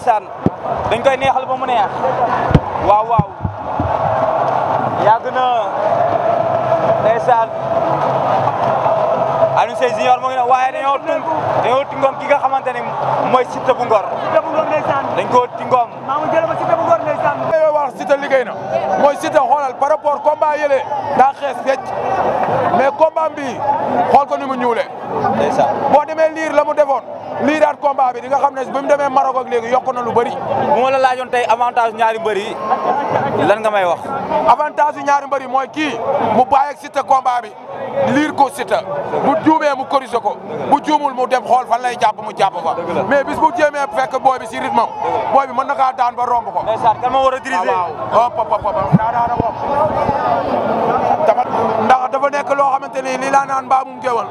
ndeysaan dañ koy neexal ba mu neex waaw waaw yàgg na ndeysaan Alioune Junior moo ngi ne waaye dañoo tung dañoo tingoom ki nga xamante ne mooy Siteu bu Ngor dañ koo tingoom lay wax Siteu liggéey na mooy Siteu xoolal par rapport combat yële daa xees fecc mais combat bi ko ni mu ñuule boo demee liir la mu defoon liiraat combat bi di nga xam ne bi mu demee Maroc ak léegi yokk na lu bari bu ma la tey avantage ñaari mbër yi lan nga may wax avantage yu ñaari mbër yi mooy kii mu bàyyi ak Siteu combat bi liir ko Siteu bu juumee mu corrigé ko bu juumul mu def xool fan lay jàpp mu jàpp fa mais bis bu jéemee fekk booy bi si rythme am booy mën na kaa daan ba romb ko ndeysaan kan ma war a diriger ah nekk loo xamante ni lii laa naan mbaa mu géwal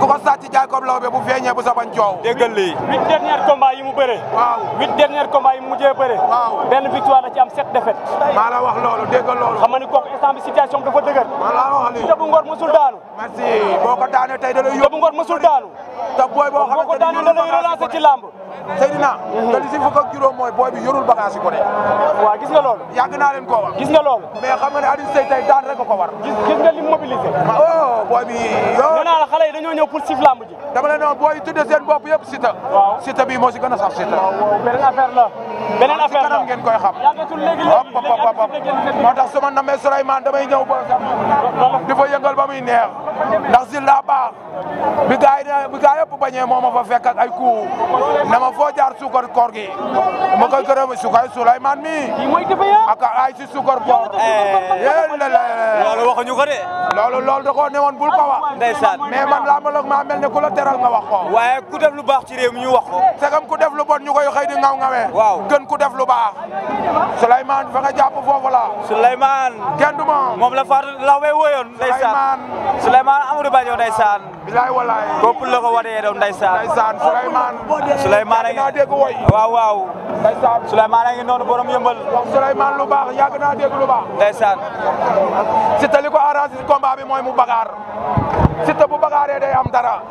ku ko sàcc jaay ko lawbe bu feeñee bu saban coow. déggal lii huit derniers combats yi mu bëree. waaw huit derniers combats yi mu mujjee bëree. waaw benn victoire la ci am sept défaites. maa la wax loolu déggal loolu. xam nga ni kooku instant bi situation bi dafa dëgër. maa la wax lii te bu ngor mësul daanu. merci boo ko daanee tey da lay yóbbu. te bu ngor mësul daanu. te booy boo xamante ni boo ko daanee da lay relancé ci làmb. Seydina. Mhm. te li si fukk ak juróom mooy booy bi yorul bagage yi ko dee. waaw gis nga loolu. yàgg naa leen koo wax. gis nga loolu. mais xam nga ne Alioune Seye tey daan rek ko war. gis nga li mu sensibiliser. oh booy bi yow. nee naa la xale yi dañoo ñëw pour sif lamb ji. dama leen booy yi tuddee seen bopp yëpp Siteu. waaw Siteu bii moo si gën a sax Siteu. waaw waaw beneen affaire la. beneen affaire la kanam ngeen koy xam. yàggatul léegi léegi léegi moo tax su ma namee Souleymane damay ñëw ba. di fa yëngal ba muy neex. ndax si laa baax. bi gars yi ne bi gars yëpp bañee moo ma fa fekk ak ay coup na ma foo jaar suukar koor gi. ma koy gërëm suukar Souleymane mi. ak ay si suukar koor. yéen eh, la la loolu waxuñu ko de. loolu loolu da koo newoon bul ko wax. ndeysaan mais man laa ma maa mel ne ku la teral nga wax ko. waaye ku def lu baax ci réew mi ñu wax ko. sagam ku def lu bon ñu koy xëy di ngaw ngawee. waaw gën ku def lu baax. Souleymane fa nga jàpp foofu la. Souleymane. kenn du ma. la Fatou Law bay woyoon. Souleymane Souleymane Amadou Badio ndeysaan. bilaay walaay. bopp la ko waree doon ndeysaan. ndeysaan Souleymane. Souleymane a ngi naa dégg woy. waaw waaw. ndeysaan Souleymane a ngi noonu borom yëmbal. Souleymane lu baax yàgg naa dégg lu baax. ndeysaan. si tali ko arrangé si combat combat bi mooy mu bagaar Siteu bu bagaaree day am dara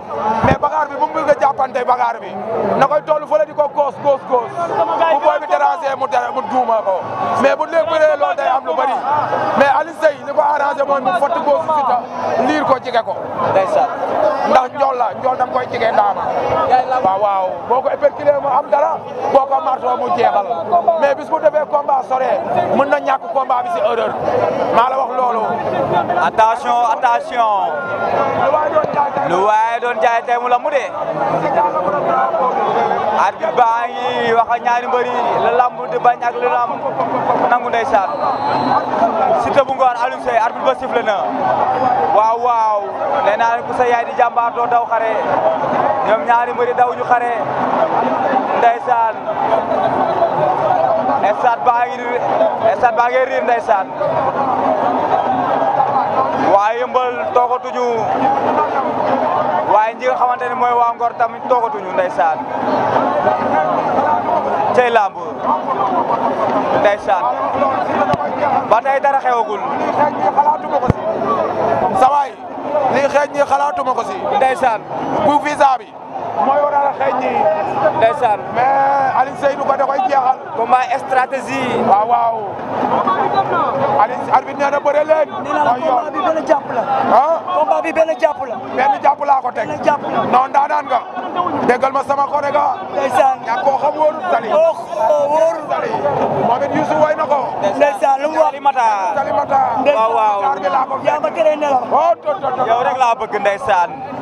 mais bagaar bi bu mu bëgg a jàppante bagaar bi na koy toll fële di ko góos góos góos bu booy bi déranger mu mu duuma ko mais bu léegi bëree loolu day am lu bëri mais Alioune Seye li ko arrangé mooy mu fott góosu Siteu liir ko jige ko. ndax njool la njool da nga koy jigee daan waaw waaw boo ko éperculé am dara boo ko marto mu jeexal mais bis bu defee combat sore mën na ñàkk combat bi si erreur maa la wax loolu attention attention lu waaye doon jaay mu la mu dee at bi baa wax ak ñaari mbëri la lamb di bañ ak lu lamb nangu ndeysaan Siteu bu ngoon Alioune Seye arbitre ba sifflé na waaw waaw nee naa ku sa di jàmbaar doo daw xare ñoom ñaari mbëri daw ñu xare ndeysaan estade baa ngi estade baa ngi riir ndeysaan waaye yëmbal toogatuñu waaye ñi nga xamante ne mooy waa Ngor tamit toogatuñu ndeysaan cey làmb ndeysaan ba tey dara xewagul sawaay lii xeeñ ñi xalaatuma ko si. ndeysaan bu visa bi. mooy waral xeeñ ñi. ndeysaan mais Alioune Seye du ko da koy jeexal. combat stratégie. waaw waaw. Alioune arbitre nee leen. mooy yoon combat bi benn jàpp la. benn jàpp laa ko teg benn jàpp la non daanaan nga. déggal ma sama ko nga. ndeysaan yaa ko xam wóorul Saly. oh, oh wóorul Saly. moom it Youssou way na ko. ndeysaan lu mu wax. Saly Mata Saly Mata. waaw waaw yaa ma tere ne la. oh to to to yow rek laa bëgg ndeysaan.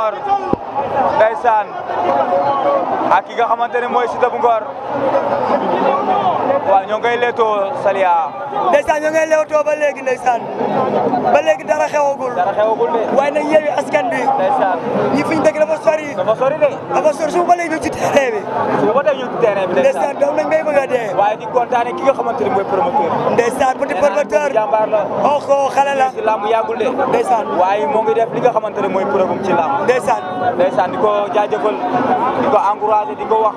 Ngor ndeysaan ak ki nga xamante ne mooy Siteu bu Ngor waaw ñoo ngay leetoo Saliya ndeysaan ñoo ngay leetoo ba léegi ndeysaan ba léegi de waaye nag yeewi askan bi ndeysaan ñi fiñ dëkk dafa sori dafa sori de dafa sori su ba léegi terrain bi. ba tey ñu ngi a dee. waaye di kontaanee ki nga xamante ni mooy promoteur. ndeysaan petit promoteur jàmbaar la. oh oh xale la ci de. ndeysaan waaye moo ngi def li nga xamante ne mooy preuve ci làmb. ndeysaan ndeysaan di ko jaajëfal di ko encouragé di ko wax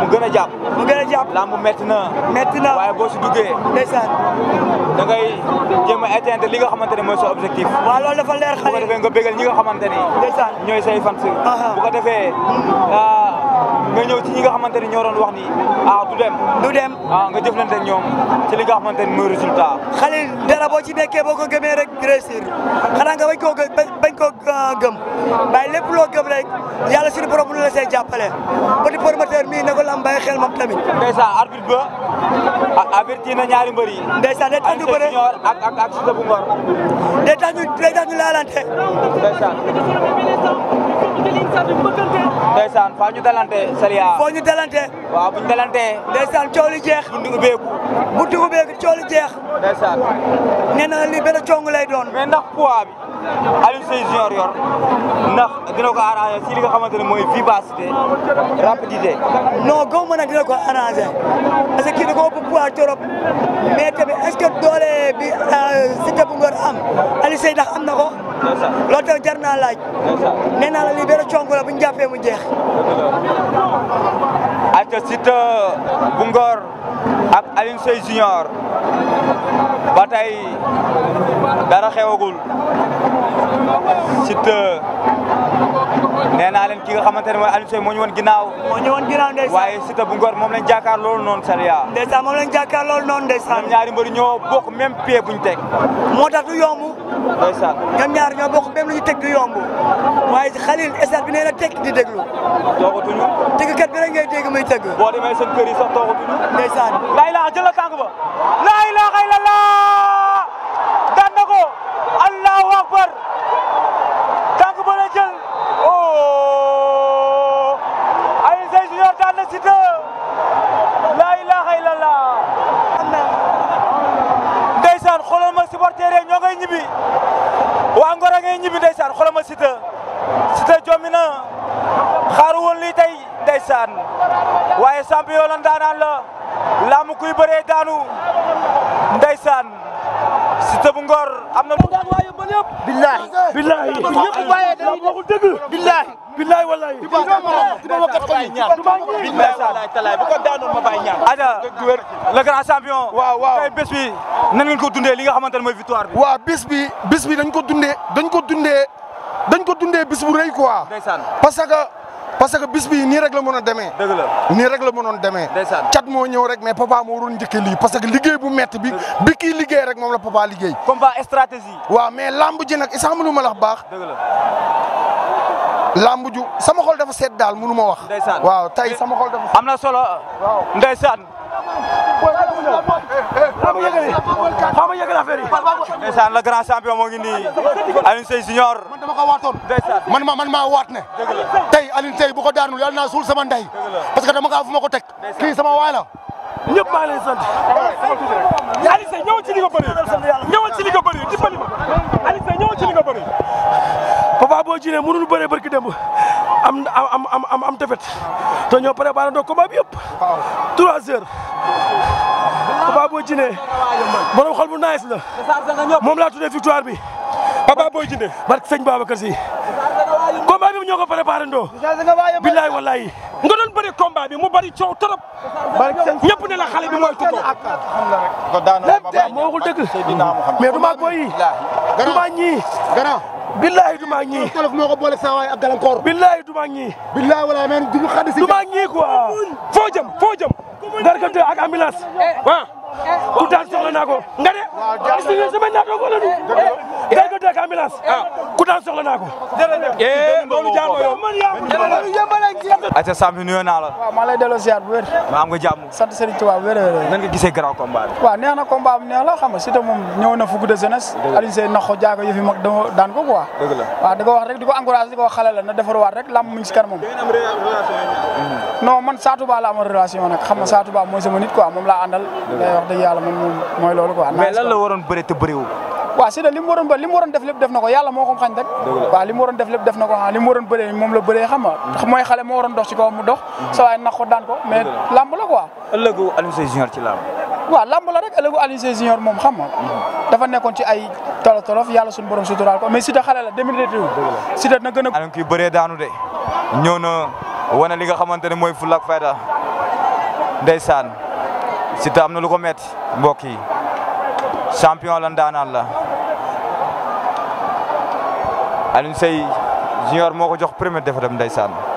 mu gën a jàpp. mu gën a jàpp làmb métti na. métti na waaye boo si duggee. ndeysaan da ngay jéem a atteindre li nga xamante ne mooy sa objectif. waaw loolu dafa leer xale bu ko defee nga bégal ñi nga xamante ni. ñooy say fan si. bu ko ah, nga ñëw ci ñi nga xamante ni ñoo doon wax ni ah du dem. du dem ah nga jëflante ak ñoom ci li nga xamante ni mooy résultat. xalil dara boo ci nekkee boo ko gëmee rek réussir xanaa nga bañ koo gë bañ koo ah, gëm waaye lépp loo gëm rek yàlla suñu borom bu la see jàppale petit promoteur mii na ko lam bàyyi xel moom tamit. ndeysaan arbitre ba averti na ñaari mbër yi. ndeysaan day tax ñu bëre ak ak ak Siteu bu Ngor. laalante. ndeysaan faa ñu dalante Saliya foo ñu dalante waaw bu ñu dalante ndeysaan coow li jeex buntu ubbeeku buntu ubbeeku coow li jeex ndeysaan nee na li benn lay doon mais ndax poids bi Aliou Seye junior yor ndax dina ko arrangé si li nga xamante ne mooy vivacité rapidité non gaw a dina ko arrangé parce que ko ëpp poids trop mais tamit est doole bi euh, am Aliou Seye ndax am na ko loolu tamit naa laaj nee naa la lii benn congo bu ñu mu jeex aca Siteu bu Ngor ak Aliou Seye Junior ba dara xewagul Siteu nee naa leen ki nga xamante ne mooy Alioune Seye moo ñu woon ginnaaw moo ñu woon ginnaaw ndeysaan waaye Siteu bu Ngor moom lañ jàkkaar loolu noonu Sariya ndeysaan moom lañ jàkkaar loolu noonu ndeysaan ñoom ñaari mbëri ñoo bokk même pied buñ teg moo tax du yomb ndeysaan ñoom ñaar ñoo bokk même lu ñu teg du yomb waaye Khalil stade bi nee na tekk di déglu toogatuñu tëggkat bi rek ngay dégg muy tëgg boo demee seen kër yi sax toogatuñu ndeysaan laay laa jël la tànk ba laay ñibbi waa Ngor a ngay ñibbi ndeysaan xoolal ma Siteu Siteu jommi na xaaru woon lii tey ndeysaan waaye champion la ndaanaan la laamu kuy bëree daanu ndeysaan Siteu bu Ngor am na. billahi billahi ñëpp bàyyee dañuy waxul dëgg billahi billahi wallahi du ma ko bàyyi ñaar billahi talaay bu ko daanoon ma bàyyi ñaar ada le grand champion waaw waaw tey bés bi nan ngeen ko dundee li nga xamante ne mooy victoire bi waaw bés bi bés bi dañ ko dundee dañ ko dundee dañ ko dundee bés bu rëy quoi parce que parce que bis bii nii rek la mën a demee. dëgg rek la mënoon demee. ndeysaan cat moo ñëw rek mais papa moo waroon njëkk lii parce que liggéey bu métti bi. bi liggéey rek moom la papa liggéey. combat stratégie. waaw mais lamb i nag isaam lu ma la baax. dëgg la. lamb ju sama xol dafa seet daal mënu ma wax. ndeysaan waaw tey sama xol dafa. am na solo ndeysaan. xam nga yëgal affaire yi. ndeysaan le grand champion moo ngi nii Alioune Seye Junior. man dama ko waatoon. man ma man maa waat ne. tey Alioune Seye bu ko daanul yàlla naa suul sama ndey. parce que dama kaa fu ma ko teg. kii sama waay la. ñëpp maa ngi lay sant. Alioune Seye ñëwal ci li nga bëri. ñëwal ci li nga bëri dimbali ma. Alioune Seye ñëwal ci li nga bëri. boo jinee mënuñu bëree barki demb am am am am am tefet te ñoo préparé ndoo combat bi yëpp trois heures Papa Boy Djiné borom xol bu nice la moom laa tuddee victoire bi Papa Boy Djiné barke sëñ Babacar Si combat bi ñoo ko préparé ndoo billaay wallaay nga doon bëri combat bi mu bëri coow trop ñëpp ne la xale bi mooy tuko lépp moo waxul dëgg mais du maa booy yi du maa billahi du ma ñii. tolof moo ko boole saa waay ak gàllankoor. billahi du ma ñii. billahi soxla naa ko. nga de. waaw jaajëf gis nga sama dégg ku ah. daan soxla naa ko eh loolu jaamo bi nuyoo naa la waaw maa lay delloo ziar bu wér maa am nga jàmm sant Serigne Touba wér wér nan nga gisee grand combat bi waaw neex na combat bi neex la xam nga Siteu moom ñëw na fukk de jeunesse Alioune Seye nax ko jaago yëf yi mag dama daan ko quoi dëgg la waaw di rek di ko encouragé wax xale la na defarwaat rek lamb mu ngi mhm. man Satou Ba la amoon relation na xam nga Satou Ba mooy sama nit quoi moom laa àndal day wax dëgg yàlla moom moom mooy loolu quoi la waroon bëri te bëriwul waaw si da li mu waroon ba li mu waroon def lépp def na ko yàlla moo ko xañ rek waaw li mu waroon def lépp def na ko ah li mu waroon bëree moom la bëree xam mooy xale moo waroon dox ci kaw mu dox mm-hmm. sa waay nax ko daan ko mais lamb la quoi ëllëgu Alioune Junior ci lamb waaw lamb la rek ëllëgu Alioune Sèye Junior moom xam nga mm-hmm. dafa nekkoon ci ay tolof tolof yàlla suñu borom suturaal ko mais si da xale la démilitiw si da na gën a ki bëree daanu na wane li nga xamante ne mooy fulla ak fayda ndeysaan si ta am na lu ko metti mbokk yi champion la ndaanaan la Alioune Seye junior moo ko jox premier défaite am ndeysaan